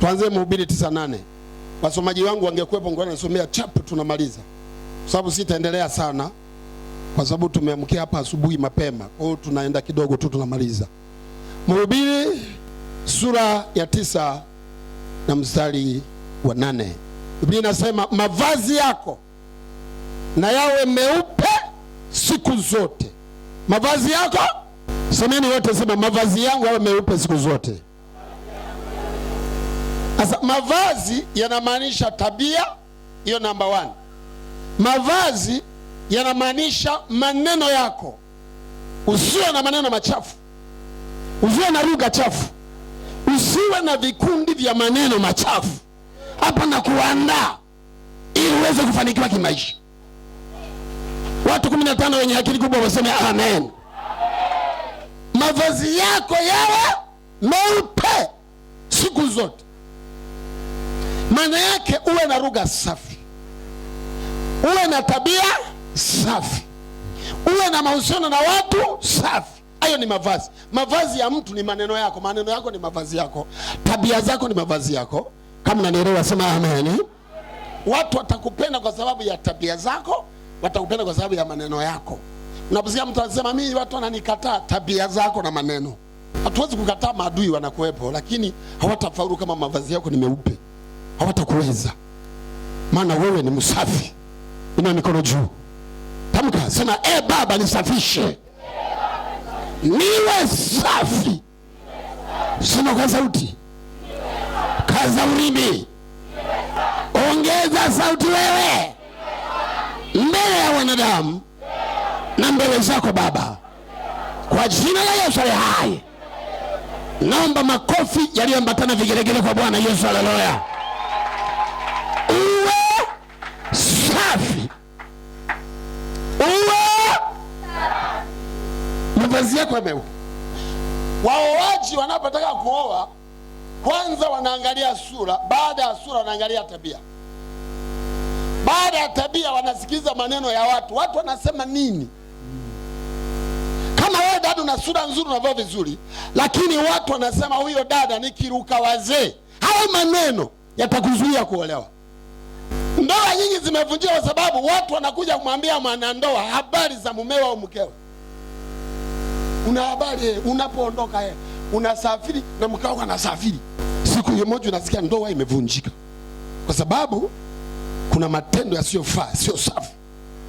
Tuanze Mhubiri 98. Wasomaji wangu wangekuwepo ngoja nasomea chap tunamaliza. Kwa sababu sitaendelea sana kwa sababu tumeamkia hapa asubuhi mapema. Kwa hiyo tunaenda kidogo tu tunamaliza. Mhubiri sura ya tisa na mstari wa nane. Biblia inasema mavazi yako na yawe meupe siku zote. Mavazi yako, semeni wote, sema mavazi yangu yawe meupe siku zote. Sasa mavazi yanamaanisha tabia, hiyo namba one. Mavazi yanamaanisha maneno yako, usiwe na maneno machafu, usiwe na lugha chafu, usiwe na vikundi vya maneno machafu. Hapa na kuandaa ili uweze kufanikiwa kimaisha. Watu kumi na tano wenye akili kubwa waseme amen. Mavazi yako yawe meupe siku zote. Maana yake uwe na lugha safi, uwe na tabia safi, uwe na mahusiano na watu safi. Hayo ni mavazi. Mavazi ya mtu ni maneno yako, maneno yako ni mavazi yako, tabia zako ni mavazi yako. Kama unanielewa sema amen. Watu watakupenda kwa sababu ya tabia zako, watakupenda kwa sababu ya maneno yako. Unaposikia mtu anasema mimi watu wananikataa, tabia zako na maneno. Hatuwezi kukataa, maadui wanakuwepo, lakini hawatafaulu kama mavazi yako ni meupe hawatakuweza, maana wewe ni msafi. Ina mikono juu, tamka, sema e Baba nisafishe, niwe safi. Sema kwa sauti, kaza ulimi, ongeza sauti wewe mbele ya wanadamu na mbele zako Baba, kwa jina la Yesu aliye hai, naomba makofi yaliyoambatana vigelegele kwa Bwana Yesu. Haleluya! safi, uwe mavazi yako yameupe. Waoaji wanapotaka kuoa kwanza wanaangalia sura, baada ya sura wanaangalia tabia, baada ya tabia wanasikiliza maneno ya watu, watu wanasema nini. Kama wewe dada una sura nzuri, unavaa vizuri, lakini watu wanasema huyo dada ni kiruka wazee, hayo maneno yatakuzuia kuolewa. Ndoa nyingi zimevunjika kwa sababu watu wanakuja kumwambia mwanandoa habari za mumewa au mkeo. Una habari unapoondoka, yeye unasafiri na mkao anasafiri, siku hiyo moja unasikia ndoa imevunjika kwa sababu kuna matendo yasiyofaa, sio safi,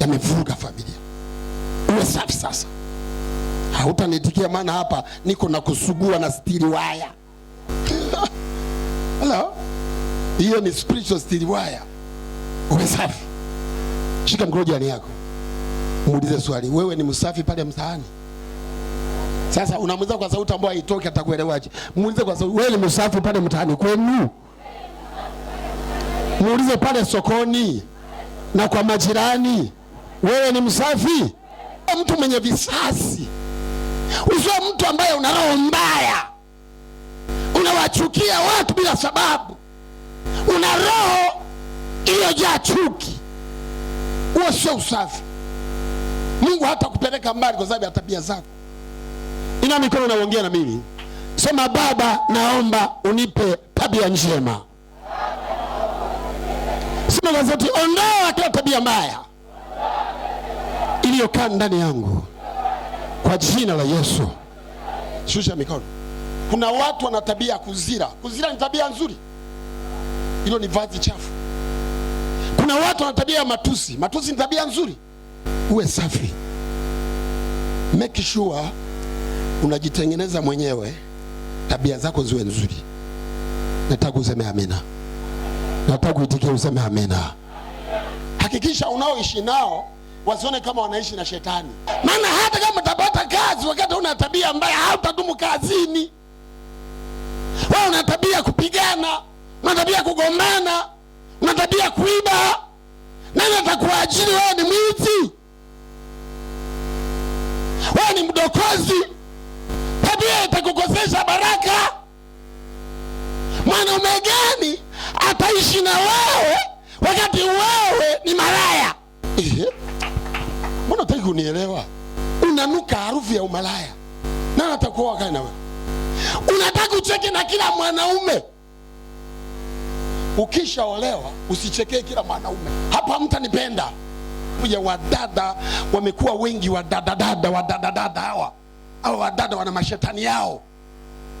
yamevuruga familia. Uwe safi sasa. Hautanitikia maana hapa niko na kusugua na stiri waya. Hello? Hiyo ni spiritual stiri waya umesafi? Shika mkono jirani yako, muulize swali, wewe ni msafi pale mtaani? Sasa unamuuliza kwa sauti ambayo haitoki, atakuelewaje? Muulize kwa sauti, wewe ni msafi pale mtaani kwenu? Muulize pale sokoni na kwa majirani, wewe ni msafi? Mtu mwenye visasi usio mtu ambaye una roho mbaya, unawachukia watu bila sababu, una roho iliyojaa chuki, huo sio usafi. Mungu hata kupeleka mbali kwa sababu ya tabia zako. Ina mikono naongea na mimi, sema Baba, naomba unipe tabia njema. Sema kwa sauti, ondoa kila tabia mbaya iliyokaa ndani yangu kwa jina la Yesu. Shusha mikono. Kuna watu wana tabia ya kuzira. Kuzira ni tabia nzuri? Hilo ni vazi chafu. Kuna watu wana tabia ya matusi. Matusi ni tabia nzuri? Uwe safi, make sure unajitengeneza mwenyewe, tabia zako ziwe nzuri. Nataka useme amina, nataka uitikie useme amina. Hakikisha unaoishi nao wasione kama wanaishi na shetani, maana hata kama utapata kazi wakati una tabia mbaya, hautadumu kazini. Wewe una tabia kupigana, una tabia kugombana una tabia kuiba, nani atakuajiri wewe? Ni mwizi wewe, ni mdokozi, tabia itakukosesha baraka. Mwanaume gani ataishi na wewe wakati wewe ni malaya? Mbona utaki kunielewa? Unanuka harufu ya umalaya, nani atakuwa Kae na wewe, unataka ucheke na kila mwanaume ukishaolewa usichekee kila mwanaume. Hapa mtanipenda kuja. Wadada wamekuwa wengi, wadadadada wadadadada hawa hawa wadada wana mashetani yao.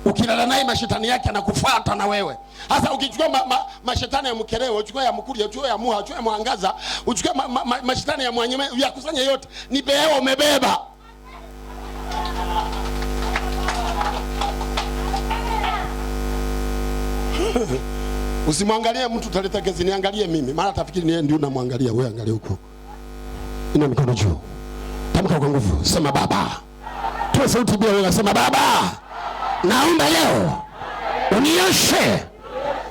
Ukilala naye mashetani yake anakufuata na wewe. hasa ukichukua ma, ma, mashetani ya Mkerewe, uchukua ya Mkuria, uchukua ya Muha, uchukua ya Mwangaza, uchukua ma, ma, ma, mashetani ya Mwanyema, yakusanya yote, ni behewa umebeba. Usimwangalie mtu utaleta kesi, niangalie mimi, maana tafikiri ni yeye ndio unamwangalia wewe. Angalia huko, ina mikono juu, tamka kwa nguvu, sema Baba. Toa sauti bila wewe, sema Baba, naomba leo unioshe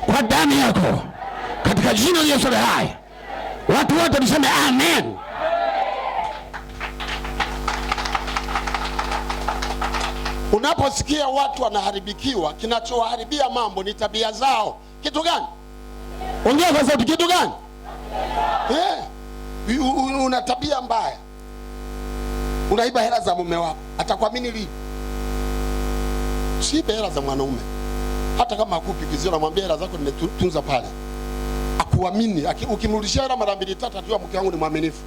kwa damu yako katika jina la Yesu hai. Watu wote tuseme amen. Unaposikia watu wanaharibikiwa, kinachowaharibia mambo ni tabia zao. Kitu gani? Ongea kwa sauti, kitu gani? Eh, Una tabia mbaya, unaiba hela za mume wako, atakuamini lini? Usiibe hela za mwanaume, hata kama akupi kizio, namwambia hela zako nimetunza pale, akuamini. Ukimrudishia hela mara mbili tatu, atajua mke wangu ni mwaminifu,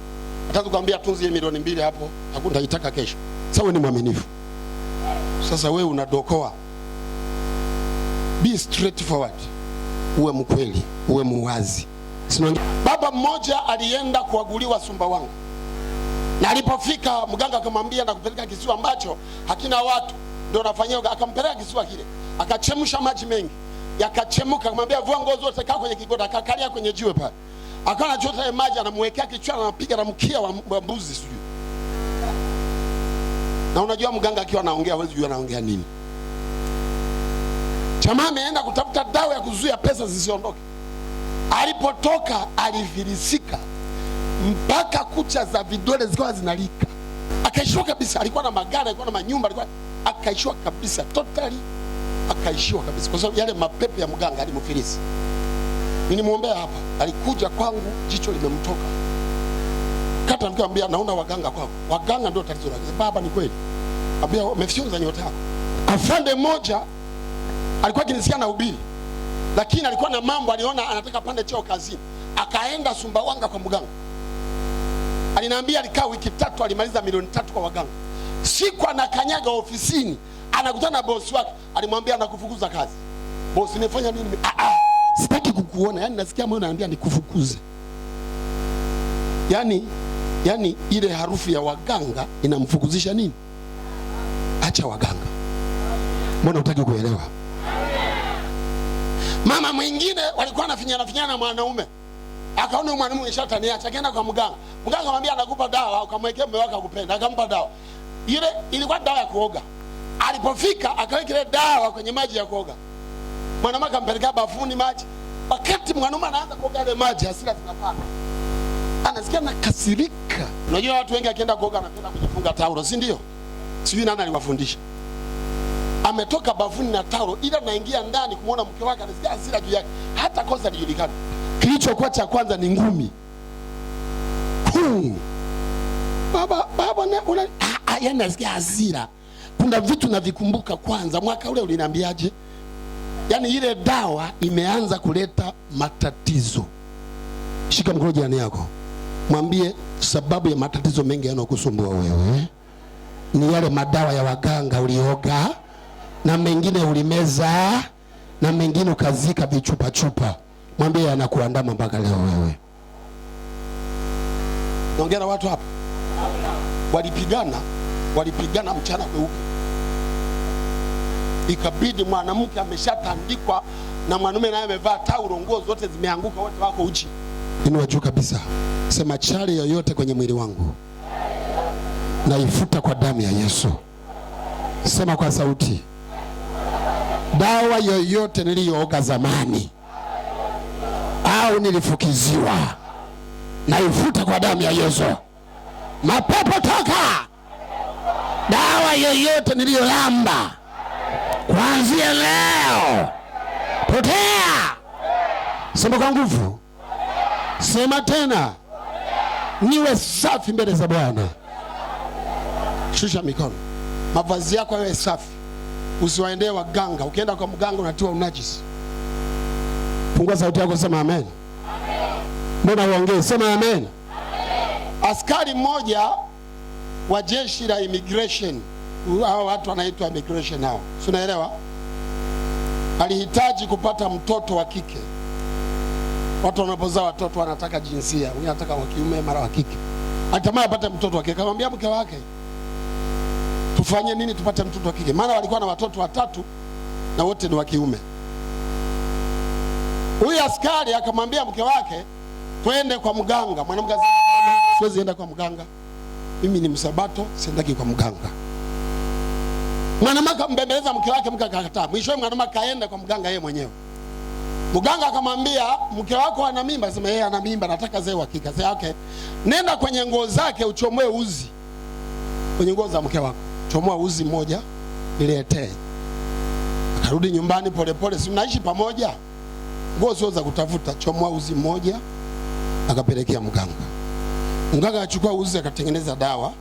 ataanza kukuambia tunzie milioni mbili hapo, nitaitaka kesho. Sawa, ni mwaminifu, sasa wewe unadokoa. Be straightforward uwe mkweli, uwe muwazi. Baba mmoja alienda kuaguliwa Sumbawanga, na alipofika mganga akamwambia nakupeleka kisiwa ambacho hakina watu, ndio nafanyia. Akampeleka kisiwa kile, akachemsha maji mengi, yakachemuka. Akamwambia vua nguo zote, kaa kwenye kigoda, akakalia kwenye jiwe pale, akawa anachota maji, anamwekea kichwa, anapiga na mkia wa mbuzi sijui. Na unajua mganga akiwa anaongea, huwezi kujua anaongea nini. Jamaa ameenda kutafuta dawa ya kuzuia pesa zisiondoke. Alipotoka alifilisika mpaka kucha za vidole zikawa zinalika, akaishiwa kabisa. Alikuwa na magari, alikuwa na manyumba, alikuwa akaishiwa kabisa, totally akaishiwa kabisa, kwa sababu yale mapepe ya mganga alimfilisi. Nilimwombea hapa, alikuja kwangu, jicho limemtoka kata, nikamwambia naona waganga kwako, waganga ndio tatizo lake. Baba, ni kweli? Ambia umefyonza nyota yako. Afande moja alikuwa kinisikia na ubiri, lakini alikuwa na mambo, aliona anataka pande cheo kazini, akaenda Sumbawanga kwa mganga. Aliniambia alikaa wiki tatu, alimaliza milioni tatu kwa waganga. Siku anakanyaga ofisini, anakutana na bosi wake, alimwambia nakufukuza kazi. Bosi, nifanya nini? Ah, ah, sitaki kukuona. Yani nasikia moyo naambia nikufukuze. Yani yani ile harufu ya waganga inamfukuzisha nini? Acha waganga, mbona utaki kuelewa? Mama mwingine walikuwa nafinyana finyana na mwanaume, akaona mwanaume shataniacha, akaenda kwa mganga. Mganga akamwambia anakupa dawa, ukamwekea mume wako akupenda. Akampa dawa ile, ilikuwa dawa ya kuoga. Alipofika akaweka ile dawa kwenye maji ya kuoga, mwanamke akampeleka bafuni maji. Wakati mwanaume anaanza kuoga ile maji, hasira zinapanda, anasikia nakasirika. Unajua watu wengi akienda kuoga anapenda kujifunga taulo, si ndio? Sijui nani aliwafundisha ametoka bafuni na taulo, ila naingia ndani kumwona mke wake, anasikia hasira juu yake, hata kosa lijulikana. Kilichokuwa cha kwanza ni ngumi kuu. Baba, baba na una, a, ah, a, ah, yani nasikia hasira. Kuna vitu navikumbuka. Kwanza mwaka ule uliniambiaje? Yaani ile dawa imeanza kuleta matatizo. Shika mkono jirani yako, mwambie sababu ya matatizo mengi yanayokusumbua wewe ni yale madawa ya waganga ulioga na mengine ulimeza na mengine ukazika vichupa chupa. Mwambie anakuandama mpaka leo. Wewe naongea na watu hapa, walipigana walipigana mchana kweupe, ikabidi mwanamke ameshatandikwa na mwanaume naye amevaa taulo, nguo zote zimeanguka, wote wako uchi. Inua juu kabisa, sema chale yoyote kwenye mwili wangu naifuta kwa damu ya Yesu. Sema kwa sauti dawa yoyote niliyooga zamani au nilifukiziwa, naifuta kwa damu ya Yesu. Mapepo toka! Dawa yoyote niliyolamba kuanzia leo potea! Sema kwa nguvu, sema tena, niwe safi mbele za Bwana. Shusha mikono, mavazi yako yawe safi usiwaendee waganga. Ukienda kwa mganga unatiwa unajisi. Fungua sauti yako, sema amen. Mbona uongee? Sema amen, amen. Askari mmoja wa jeshi la immigration, hao watu wanaitwa immigration hao, si unaelewa? Alihitaji kupata mtoto wa kike. Watu wanapozaa watoto wanataka jinsia, huyu anataka wa kiume, mara wa kike. Alitamani apate mtoto wa kike, akamwambia mke wake tufanye nini tupate mtoto wa kike? Maana walikuwa na watoto watatu na wote ni wa kiume. Huyu askari akamwambia mke wake, twende kwa mganga. Mwanamke akasema, siwezi enda kwa mganga, mimi ni msabato, siendaki kwa mganga. Mwanamke akambembeleza mke wake, mke akakataa. Mwishowe mwanamke kaenda kwa mganga yeye mwenyewe. Mganga akamwambia mke wako ana mimba. Sema yeye ana mimba, nataka zee wa kike. Sema okay, nenda kwenye nguo zake uchomoe uzi kwenye nguo za mke wako. Nikachomoa uzi mmoja niletee. Akarudi nyumbani polepole, si naishi pamoja, nguo sio za kutafuta. Chomoa uzi mmoja akapelekea mganga. Mganga achukua uzi akatengeneza dawa,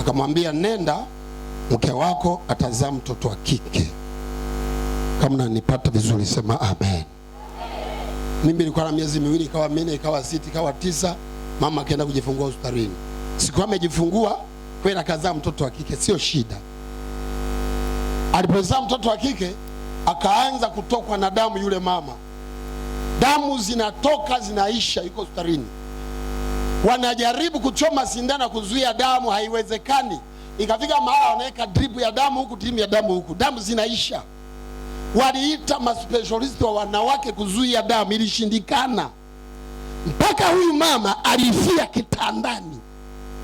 akamwambia nenda, mke wako atazaa mtoto wa kike. Kama nanipata vizuri, sema amen. Mimi nilikuwa na miezi miwili, ikawa minne, ikawa sita, ikawa tisa. Mama akaenda kujifungua hospitalini. Siku amejifungua kwenda kazaa mtoto wa kike, sio shida. Alipozaa mtoto wa kike akaanza kutokwa na damu, yule mama damu zinatoka zinaisha, yuko hospitalini, wanajaribu kuchoma sindano ya kuzuia damu, haiwezekani. Ikafika mahala wanaweka dripu ya damu huku, timu ya damu huku, damu zinaisha. Waliita maspecialist wa wanawake kuzuia damu, ilishindikana mpaka huyu mama alifia kitandani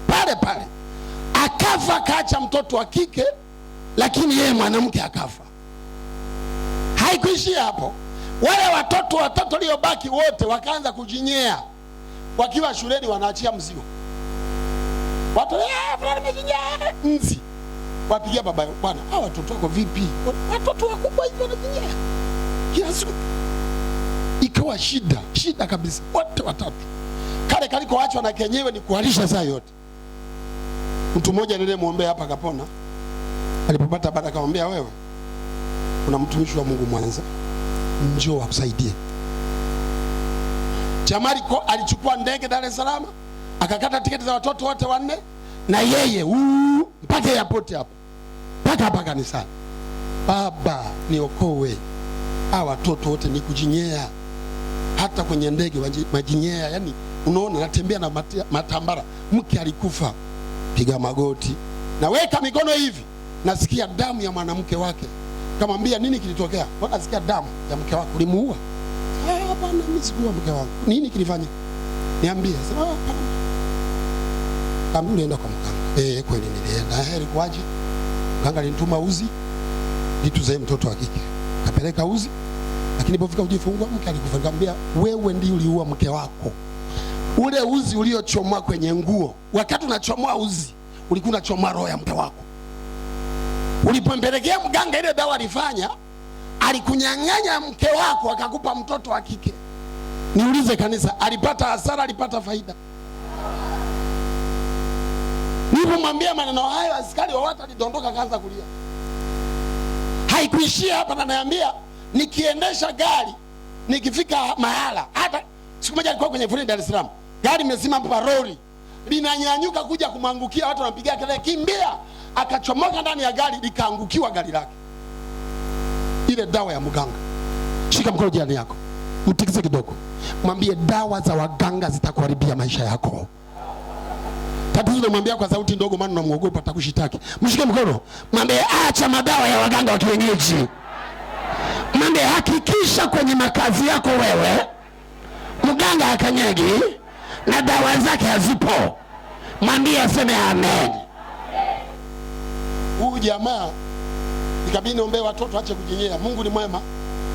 pale pale akafa kaacha mtoto wa kike, lakini yeye mwanamke akafa. Haikuishia hapo, wale watoto watatu waliobaki wote wakaanza kujinyea wakiwa shuleni, wanaachia mzigo watu eh, nzi eh, wapigia baba bwana, hawa watoto wako vipi? Watoto wakubwa hivi wanajinyea kila siku, ikawa shida shida kabisa, wote watatu. Kale kalikoachwa na kenyewe ni kuharisha saa yote. Mtu mmoja nilimwombea hapa kapona alipopata baada akamwambia, wewe kuna mtumishi wa Mungu Mwanza, njoo akusaidie. Jamari alichukua ndege Dar es Salaam, akakata tiketi za watoto wote wanne na yeye uu, mpaka airport hapa mpaka hapa kanisani. Baba niokoe, hawa watoto wote ni kujinyea, hata kwenye ndege majinyea. Yani unaona natembea na matambara, mke alikufa piga magoti, naweka mikono hivi, nasikia damu ya mwanamke wake. Kamwambia, nini kilitokea? Mbona nasikia damu ya mke wako, ulimuua? Eh, hapana, mimi sikuua mke wangu. Nini kilifanya? Niambie. Sema ah, hapana. Ah. Kambi, ulienda kwa mkanga? Eh, kweli nilienda. Heri eh, kwaje? Mkanga alinituma uzi nituzae mtoto wa kike, kapeleka uzi, lakini ilipofika kujifungua mke alikufa. Nikamwambia, wewe ndiye uliua mke wako ule uzi uliochomoa kwenye nguo, wakati unachomoa uzi ulikuwa unachomoa roho ya mke wako. Ulipompelekea mganga ile dawa alifanya, alikunyang'anya mke wako akakupa mtoto wa kike. Niulize kanisa, alipata hasara? Alipata faida? Nilipomwambia maneno hayo, askari wa watu alidondoka, kaanza kulia. Haikuishia hapa, nanaambia nikiendesha gari nikifika mahala, hata siku moja alikuwa kwenye foleni Dar es Salaam gari imezima paroli, linanyanyuka kuja kumwangukia, watu wanampigia kelele, kimbia! Akachomoka ndani ya gari, likaangukiwa gari lake. Ile dawa ya mganga. Shika mkono jirani yako, mtikise kidogo, mwambie dawa za waganga zitakuharibia maisha yako. Tatizo namwambia kwa sauti ndogo, maana namwogopa atakushitaki. Mshike mkono, mwambie acha madawa ya waganga wa kienyeji. Mwambie hakikisha kwenye makazi yako wewe mganga akanyagi na dawa zake hazipo. Mwambie aseme amen. Huyu jamaa ikabidi niombee watoto ache kujinyea. Mungu ni mwema,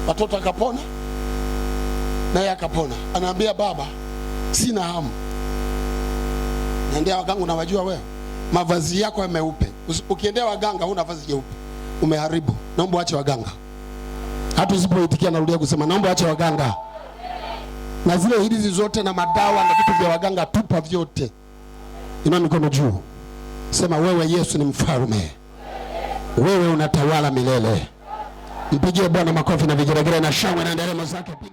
watoto akapona naye akapona. Anaambia baba, sina hamu. Naendea waganga, unawajua wewe, mavazi yako yameupe. meupe. Ukiendea waganga huna vazi jeupe, umeharibu. Naomba ache waganga. zipo itikia, narudia kusema naomba ache waganga na zile hirizi zote na madawa na vitu vya waganga, tupa vyote. Inua mikono juu, sema wewe Yesu ni mfalme, wewe unatawala milele. Mpigie Bwana makofi na vigeregere na shangwe na nderemo zake.